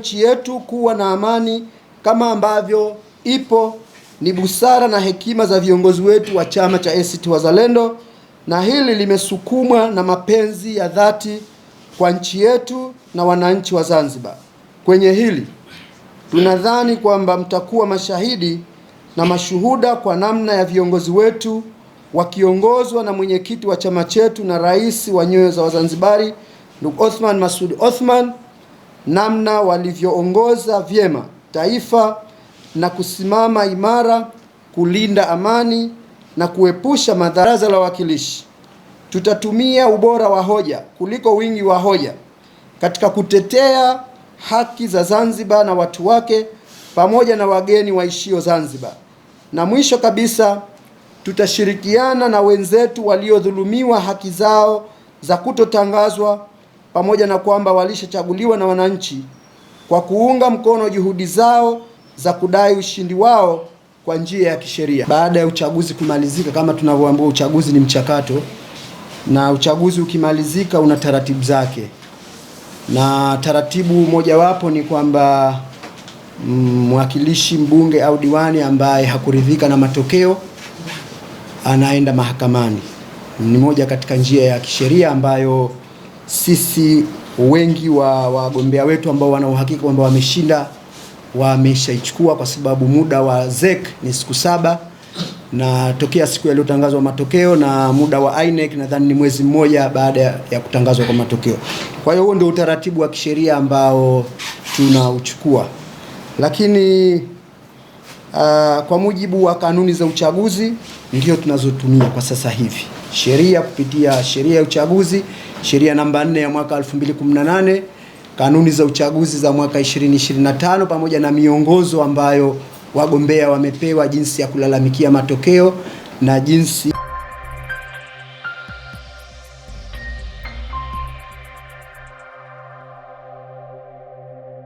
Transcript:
nchi yetu kuwa na amani kama ambavyo ipo ni busara na hekima za viongozi wetu wa chama cha ACT Wazalendo, na hili limesukumwa na mapenzi ya dhati kwa nchi yetu na wananchi wa Zanzibar. Kwenye hili tunadhani kwamba mtakuwa mashahidi na mashuhuda kwa namna ya viongozi wetu wakiongozwa na mwenyekiti wa chama chetu na rais wa nyoyo za Wazanzibari ndugu Othman Masud Othman namna walivyoongoza vyema taifa na kusimama imara kulinda amani na kuepusha madhara. Baraza la Wawakilishi, tutatumia ubora wa hoja kuliko wingi wa hoja katika kutetea haki za Zanzibar na watu wake pamoja na wageni waishio Zanzibar. Na mwisho kabisa, tutashirikiana na wenzetu waliodhulumiwa haki zao za kutotangazwa pamoja na kwamba walishachaguliwa na wananchi kwa kuunga mkono juhudi zao za kudai ushindi wao kwa njia ya kisheria. Baada ya uchaguzi kumalizika, kama tunavyoambiwa, uchaguzi ni mchakato, na uchaguzi ukimalizika una taratibu zake, na taratibu mojawapo ni kwamba mm, mwakilishi, mbunge au diwani ambaye hakuridhika na matokeo anaenda mahakamani. Ni moja katika njia ya kisheria ambayo sisi wengi wa wagombea wetu ambao wana uhakika kwamba wameshinda wameshaichukua, kwa sababu muda wa ZEC ni siku saba na tokea siku yaliyotangazwa matokeo na muda wa INEC nadhani ni mwezi mmoja baada ya kutangazwa kwa matokeo. Kwa hiyo huo ndio utaratibu wa kisheria ambao tunauchukua, lakini uh, kwa mujibu wa kanuni za uchaguzi ndio tunazotumia kwa sasa hivi sheria kupitia sheria ya uchaguzi, sheria namba 4 ya mwaka 2018, kanuni za uchaguzi za mwaka 2025, pamoja na miongozo ambayo wagombea wamepewa jinsi ya kulalamikia matokeo na jinsi